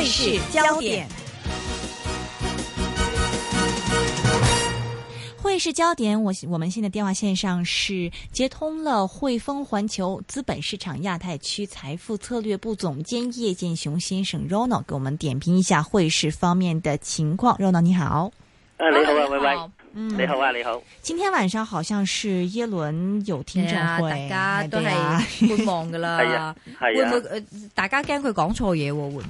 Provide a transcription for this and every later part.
.匯市焦點。匯市焦點，我我們現在電話線上是接通了匯豐環球資本市場亞太區財富策略部總監葉劍雄先生 Ronald 給我們點評一下匯市方面的情況。Ronald 你好，Hello，你好。拜拜拜拜。嗯、你好啊，你好！今天晚上好像是耶倫有聽證會，yeah, 大家都係觀望噶啦，係 啊，啊，會唔會、呃、大家驚佢講錯嘢會唔會？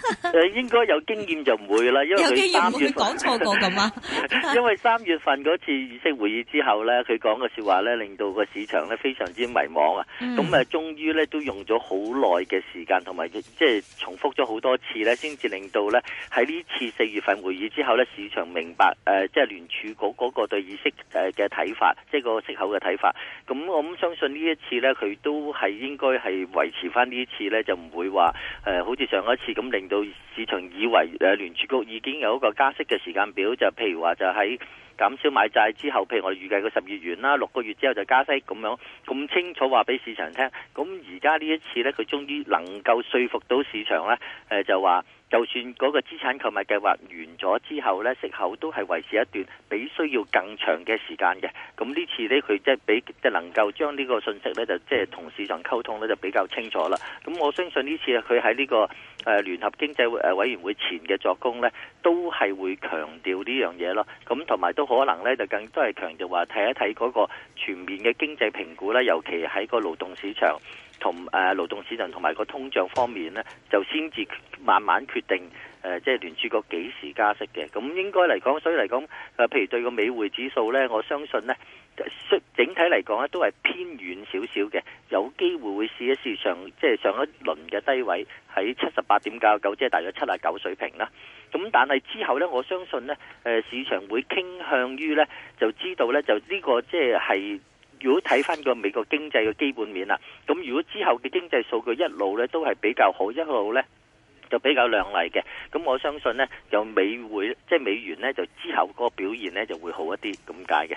呃、應該有經驗就唔會啦，因為 有經驗冇佢講錯過咁啊？ 因為三月份嗰次議息會議之後咧，佢講嘅說的話咧，令到個市場咧非常之迷茫啊。咁、嗯、啊，終於咧都用咗好耐嘅時間，同埋即係重複咗好多次咧，先至令到咧喺呢在這次四月份會議之後咧，市場明白誒，即係聯儲。就是嗰、那、嗰個對意識誒嘅睇法，即、就、係、是、個息口嘅睇法。咁我咁相信呢一次呢，佢都係應該係維持翻呢一次呢，就唔會話誒、呃、好似上一次咁，令到市場以為誒聯儲局已經有一個加息嘅時間表，就譬如話就喺、是，減少買債之後，譬如我哋預計個十二月完啦，六個月之後就加息咁樣，咁清楚話俾市場聽。咁而家呢一次呢，佢終於能夠說服到市場呢，就話，就算嗰個資產購買計劃完咗之後呢，息口都係維持一段比需要更長嘅時間嘅。咁呢次呢，佢即係比即係能夠將呢個信息呢，就即係同市場溝通呢，就比較清楚啦。咁我相信呢次佢喺呢個。誒聯合經濟委誒委員會前嘅作工呢，都係會強調呢樣嘢咯。咁同埋都可能呢，就更多係強調話睇一睇嗰個全面嘅經濟評估啦，尤其喺個勞動市場同誒勞動市場同埋個通脹方面呢，就先至慢慢決定誒即係聯儲局幾時加息嘅。咁應該嚟講，所以嚟講，誒譬如對個美匯指數呢，我相信呢。整體嚟講咧，都係偏遠少少嘅，有機會會試一試上，即係上一輪嘅低位喺七十八點九九，即係大約七啊九水平啦。咁但係之後呢，我相信呢誒市場會傾向於呢就知道呢，就呢個即係如果睇翻個美國經濟嘅基本面啦。咁如果之後嘅經濟數據一路呢都係比較好，一路呢就比較亮麗嘅。咁我相信呢，就美匯即係美元呢，就之後嗰個表現呢就會好一啲咁解嘅。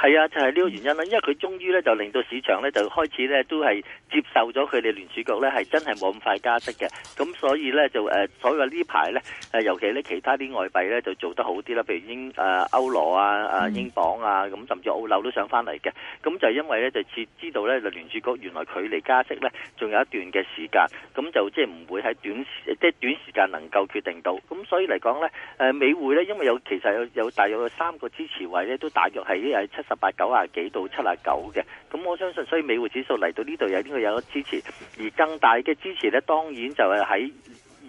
係啊，就係、是、呢個原因啦，因為佢終於咧就令到市場咧就開始咧都係接受咗佢哋聯儲局咧係真係冇咁快加息嘅，咁所以咧就誒，所以話呢排咧誒，尤其咧其他啲外幣咧就做得好啲啦，譬如英誒歐羅啊、誒英鎊啊，咁甚至澳紐都想翻嚟嘅，咁就因為咧就知知道咧聯儲局原來距離加息咧仲有一段嘅時間，咁就即係唔會喺短即係、就是、短時間能夠決定到，咁所以嚟講咧誒美匯咧，因為有其實有有大約有三個支持位咧，都大約係喺七十八九啊幾到七啊九嘅，咁我相信，所以美匯指數嚟到呢度有呢個有支持，而更大嘅支持呢，當然就係喺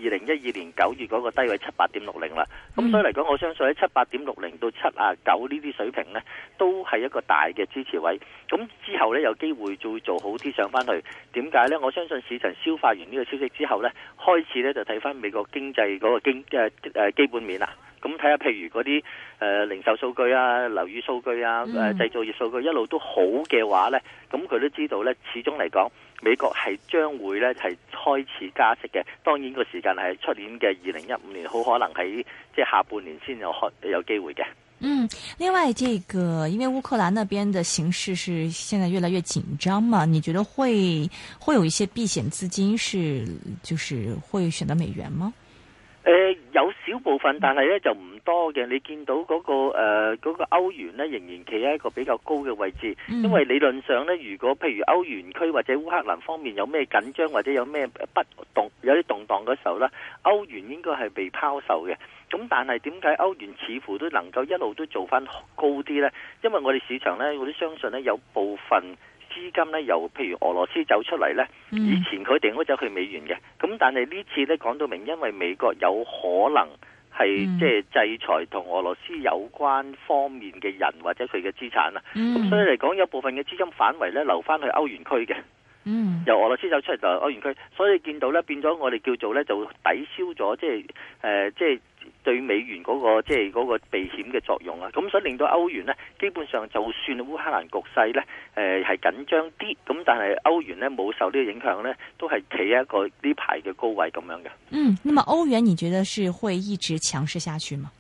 二零一二年九月嗰個低位七八點六零啦。咁所以嚟講，我相信喺七八點六零到七啊九呢啲水平呢，都係一個大嘅支持位。咁之後呢，有機會再做好啲上翻去。點解呢？我相信市場消化完呢個消息之後呢，開始呢就睇翻美國經濟嗰個經誒誒基本面啦。咁睇下，譬如嗰啲誒零售數據啊、樓宇數據啊、製造業數據一路都好嘅話咧，咁佢都知道咧，始終嚟講，美國係將會咧係開始加息嘅。當然個時間係出年嘅二零一五年，好可能喺即係下半年先有開有機會嘅。嗯，另外，這個因為烏克蘭那邊的形勢是現在越來越緊張嘛，你覺得會會有一些避險資金是就是會選擇美元嗎？誒、嗯。少部分，但係咧就唔多嘅。你見到嗰個誒嗰個歐元咧，仍然企喺一個比較高嘅位置，因為理論上咧，如果譬如歐元區或者烏克蘭方面有咩緊張或者有咩不動有啲動盪嗰時候咧，歐元應該係被拋售嘅。咁但係點解歐元似乎都能夠一路都做翻高啲咧？因為我哋市場咧，我都相信咧有部分。資金咧由譬如俄羅斯走出嚟咧，嗯，以前佢定咗走去美元嘅。咁但係呢次咧講到明，因為美國有可能係即係制裁同俄羅斯有關方面嘅人或者佢嘅資產啊，咁、嗯、所以嚟講有部分嘅資金反回咧留翻去歐元區嘅，嗯，由俄羅斯走出嚟就係歐元區，所以見到咧變咗我哋叫做咧就抵消咗即係誒即係。就是呃就是對美元嗰、嗰個即係嗰個避險嘅作用啊，咁所以令到歐元呢，基本上就算烏克蘭局勢呢誒係、呃、緊張啲，咁但係歐元呢冇受呢個影響呢，都係企喺一個呢排嘅高位咁樣嘅。嗯，那麼歐元你覺得是會一直強勢下去嗎？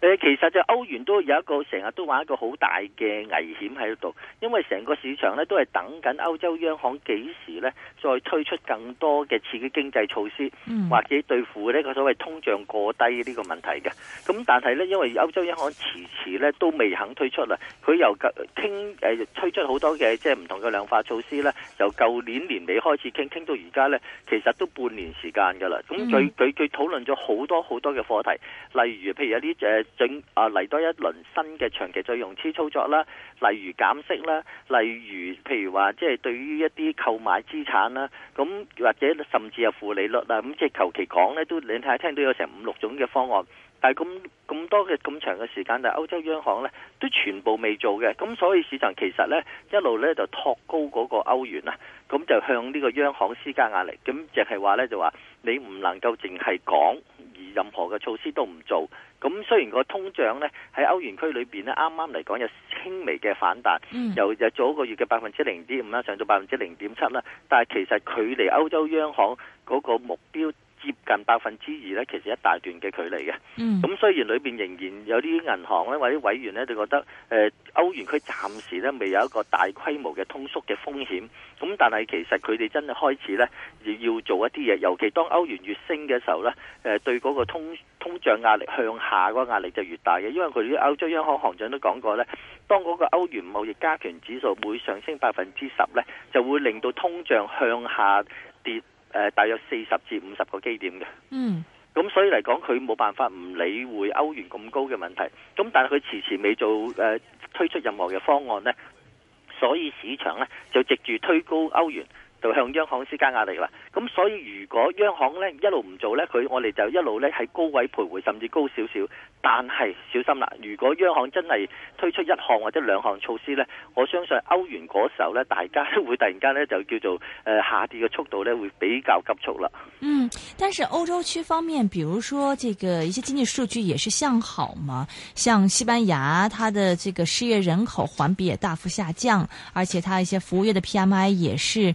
誒，其實就歐元都有一個成日都玩一個好大嘅危險喺度，因為成個市場咧都係等緊歐洲央行幾時咧再推出更多嘅刺激經濟措施，或者對付呢個所謂通脹過低呢個問題嘅。咁但係咧，因為歐洲央行遲遲咧都未肯推出啦，佢又傾誒推出好多嘅即係唔同嘅量化措施咧，由舊年年尾開始傾傾到而家咧，其實都半年時間㗎啦。咁佢佢佢討論咗好多好多嘅課題，例如譬如有啲誒。整啊嚟多一輪新嘅長期再融資操作啦，例如減息啦，例如譬如話即係對於一啲購買資產啦，咁或者甚至係負利率啦，咁即係求其講呢，都你睇下聽都有成五六種嘅方案，但係咁咁多嘅咁長嘅時間，但係歐洲央行呢都全部未做嘅，咁所以市場其實呢一路呢就托高嗰個歐元啊，咁就向呢個央行施加壓力，咁就係話呢，就話你唔能夠淨係講。任何嘅措施都唔做，咁雖然個通脹咧喺歐元區裏邊咧啱啱嚟講有輕微嘅反彈，嗯，由由早個月嘅百分之零點五啦，上到百分之零點七啦，但係其實距離歐洲央行嗰個目標。接近百分之二咧，其實是一大段嘅距離嘅。咁雖然裏邊仍然有啲銀行咧，或者委員咧，就覺得歐元區暫時咧未有一個大規模嘅通縮嘅風險。咁但係其實佢哋真係開始咧要要做一啲嘢，尤其當歐元越升嘅時候咧，誒對嗰個通通脹壓力向下個壓力就越大嘅。因為佢歐洲央行行，行長都講過咧，當嗰個歐元貿易加權指數每上升百分之十咧，就會令到通脹向下跌。誒，大約四十至五十個基點嘅，嗯，咁所以嚟講，佢冇辦法唔理會歐元咁高嘅問題，咁但係佢遲遲未做誒推出任何嘅方案呢，所以市場呢就藉住推高歐元。就向央行施加壓力啦。咁所以如果央行呢一路唔做呢，佢我哋就一路呢喺高位徘徊，甚至高少少。但係小心啦，如果央行真係推出一項或者兩項措施呢，我相信歐元嗰時候呢，大家都會突然間呢就叫做誒、呃、下跌嘅速度呢會比較急促啦。嗯，但是歐洲區方面，比如說這個一些經濟數據也是向好嘛，像西班牙，它的這個失業人口環比也大幅下降，而且它一些服務業的 PMI 也是。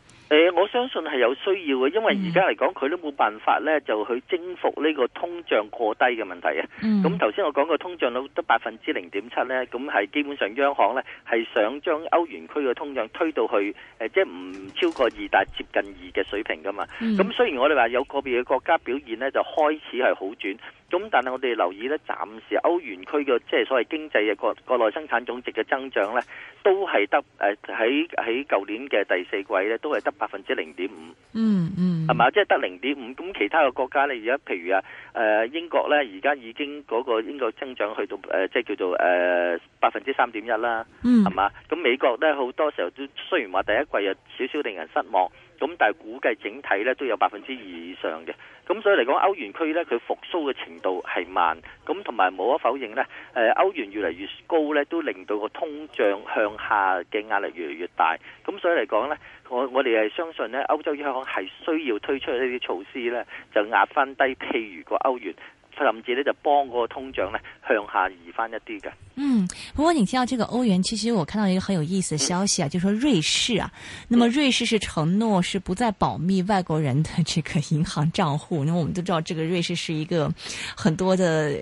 誒、欸，我相信係有需要嘅，因為而家嚟講，佢都冇辦法咧，就去征服呢個通脹過低嘅問題嘅。咁頭先我講個通脹率得百分之零點七咧，咁係基本上央行咧係想將歐元區嘅通脹推到去誒，即係唔超過二大，但接近二嘅水平噶嘛。咁雖然我哋話有個別嘅國家表現咧，就開始係好轉。咁但係我哋留意咧，暫時歐元區嘅即係所謂經濟嘅國國內生產總值嘅增長咧，都係得誒喺喺舊年嘅第四季咧，都係得百分之零點五。嗯嗯。係嘛，即係得零點五，咁其他嘅國家咧，而家譬如啊，誒、呃、英國咧，而家已經嗰個英國增長去到誒、呃，即係叫做誒百分之三點一啦，係、呃、嘛？咁、嗯、美國咧好多時候都雖然話第一季有少少令人失望，咁但係估計整體咧都有百分之二以上嘅，咁所以嚟講歐元區咧，佢復甦嘅程度係慢，咁同埋無可否認咧，誒、呃、歐元越嚟越高咧，都令到個通脹向下嘅壓力越嚟越大，咁所以嚟講咧。我我哋係相信呢歐洲央行係需要推出呢啲措施呢就壓翻低，譬如個歐元，甚至呢，就幫個通脹呢向下移翻一啲嘅。嗯，不過你知道這個歐元，其實我看到一個很有意思嘅消息啊，就是、說瑞士啊、嗯，那麼瑞士是承諾是不再保密外國人的這個銀行賬戶，因為我們都知道這個瑞士是一個很多的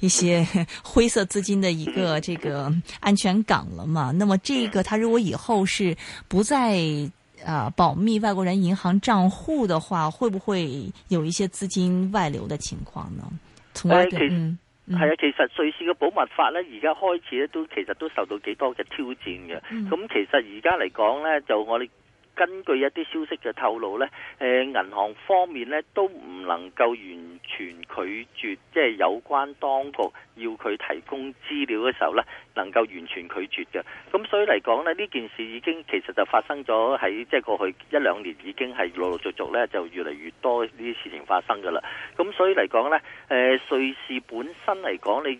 一些灰色資金的一個這個安全港了嘛。那麼這個，它如果以後是不再啊，保密外國人銀行賬戶的話，會不會有一些資金外流的情況呢？係啊、嗯，其實瑞士嘅保密法咧，而家開始咧都其實都受到幾多嘅挑戰嘅。咁、嗯、其實而家嚟講咧，就我哋。根據一啲消息嘅透露呢，誒銀行方面呢都唔能夠完全拒絕，即係有關當局要佢提供資料嘅時候呢，能夠完全拒絕嘅。咁所以嚟講咧，呢件事已經其實就發生咗喺即係過去一兩年已經係陸陸續續呢就越嚟越多呢啲事情發生㗎啦。咁所以嚟講呢，誒瑞士本身嚟講你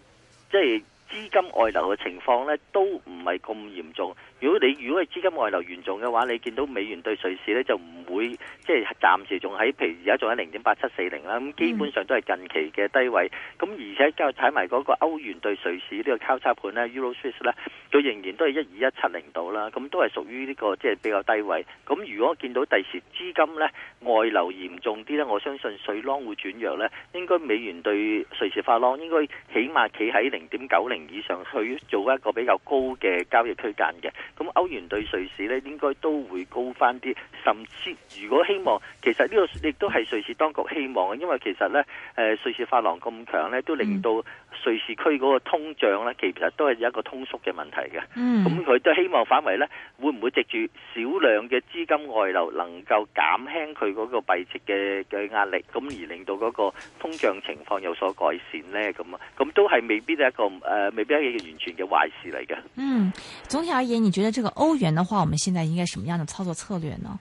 即係。資金外流嘅情況咧，都唔係咁嚴重。如果你如果係資金外流嚴重嘅話，你見到美元對瑞士咧就唔會即係、就是、暫時仲喺，譬如而家仲喺零點八七四零啦。咁基本上都係近期嘅低位。咁而且再睇埋嗰個歐元對瑞士呢個交叉盤、嗯、呢 Euro Swiss 咧，佢仍然都係一二一七零度啦。咁都係屬於呢、這個即係、就是、比較低位。咁如果見到第時資金咧外流嚴重啲咧，我相信瑞郎會轉弱咧，應該美元對瑞士法郎應該起碼企喺零點九零。以上去做一個比較高嘅交易區間嘅，咁歐元對瑞士咧應該都會高翻啲，甚至如果希望，其實呢個亦都係瑞士當局希望嘅，因為其實咧，誒瑞士法郎咁強咧，都令到瑞士區嗰個通脹咧，其實都係有一個通縮嘅問題嘅。咁佢都希望反為咧，會唔會藉住少量嘅資金外流，能夠減輕佢嗰個幣值嘅嘅壓力，咁而令到嗰個通脹情況有所改善咧？咁啊，咁都係未必是一個誒。未必係一件完全嘅壞事嚟嘅。嗯，總體而言，你覺得這個歐元的話，我們現在應該什麼樣的操作策略呢？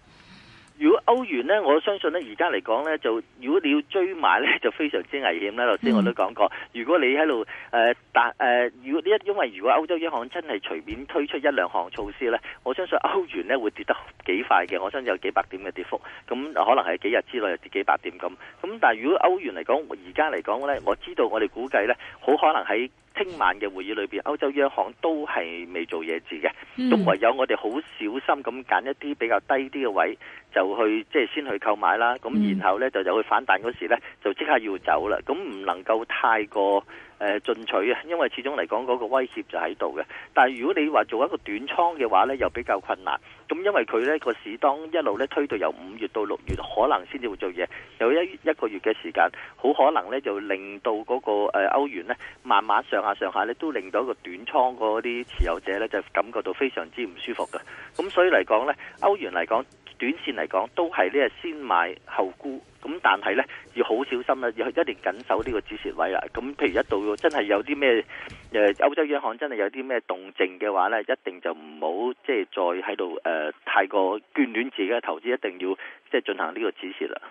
如果歐元呢，我相信呢，而家嚟講呢，就如果你要追買呢，就非常之危險啦。頭先我都講過，嗯，如果你喺度誒，但、呃、誒，如、呃、果、呃、因為如果歐洲央行真係隨便推出一兩項措施呢，我相信歐元呢會跌得幾快嘅。我相信有幾百點嘅跌幅，咁可能係幾日之內跌幾百點咁。咁但係如果歐元嚟講，而家嚟講呢，我知道我哋估計呢，好可能喺聽晚嘅會議裏面，歐洲央行都係未做嘢字嘅，仲、嗯、唯有我哋好小心咁揀一啲比較低啲嘅位，就去即係、就是、先去購買啦。咁然後呢，就就去反彈嗰時呢，就即刻要走啦。咁唔能夠太過進、呃、進取啊，因為始終嚟講嗰個威脅就喺度嘅。但係如果你話做一個短倉嘅話呢，又比較困難。咁因為佢呢個市當一路呢推到由五月到六月，可能先至會做嘢，有一一個月嘅時間，好可能呢就令到嗰個誒歐元呢，慢慢上下上下呢，都令到一個短倉嗰啲持有者呢，就感覺到非常之唔舒服嘅。咁所以嚟講呢，歐元嚟講。短線嚟講都係呢先買後沽，咁但係呢，要好小心啦，要一定緊守呢個止蝕位啦。咁譬如一到真係有啲咩誒，歐洲央行真係有啲咩動靜嘅話呢，一定就唔好即係再喺度誒太過眷戀自己嘅投資，一定要即係進行呢個止蝕啦。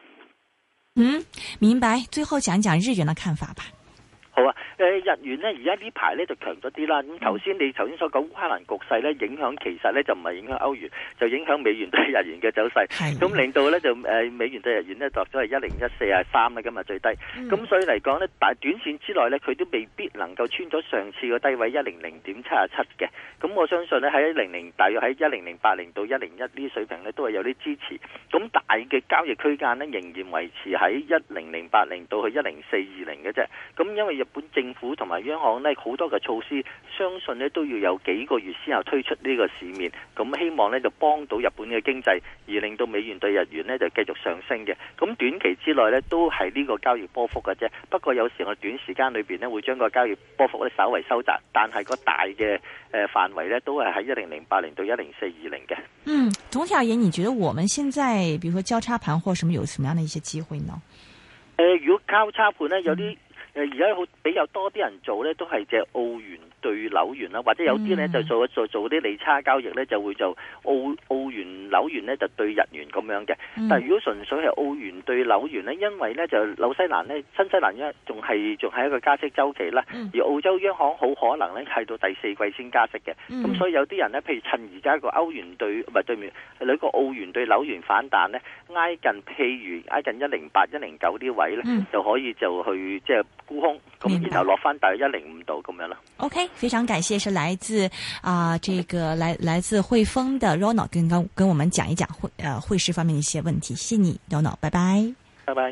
嗯，明白。最後講一講日元嘅看法吧。日元呢，而家呢排呢就強咗啲啦。咁頭先，你頭先所講烏克蘭局勢呢，影響其實呢就唔係影響歐元，就影響美元對日元嘅走勢。咁令到呢，就、呃、美元對日元呢，落咗係一零一四啊三啊咁啊最低。咁、嗯、所以嚟講呢，但短線之內呢，佢都未必能夠穿咗上次個低位一零零點七啊七嘅。咁我相信呢，喺一零零，大約喺一零零八零到一零一呢啲水平呢，都係有啲支持。咁大嘅交易區間呢，仍然維持喺一零零八零到去一零四二零嘅啫。咁因為日本政政府同埋央行呢，好多嘅措施，相信呢都要有幾個月先後推出呢個市面。咁希望呢就幫到日本嘅經濟，而令到美元對日元呢就繼續上升嘅。咁短期之內呢都係呢個交易波幅嘅啫。不過有時我短時間裏邊呢會將個交易波幅咧稍為收窄，但係個大嘅誒範圍呢都係喺一零零八零到一零四二零嘅。嗯，總體而言，你覺得我們現在，比如說交叉盤或什麼，有什麼樣的一些機會呢？誒、呃，如果交叉盤呢有啲。嗯而家好比較多啲人做咧，都係隻澳元對紐元啦，或者有啲咧就做做做啲利差交易咧，就會做澳澳元紐元咧就對日元咁樣嘅。但係如果純粹係澳元對紐元咧，因為咧就紐西蘭咧、新西蘭咧仲係仲係一個加息周期啦，而澳洲央行好可能咧係到第四季先加息嘅。咁所以有啲人咧，譬如趁而家個歐元對唔係對面兩個澳元對紐元反彈咧，挨近譬如挨近一零八、一零九啲位咧，就可以就去即係。就是沽空，咁然後落翻大約一零五度咁樣啦。OK，非常感謝，是來自啊、呃，這個來來自匯豐的 Ronald，跟跟跟我們講一講匯呃匯市方面一些問題。謝謝你，Ronald，拜拜。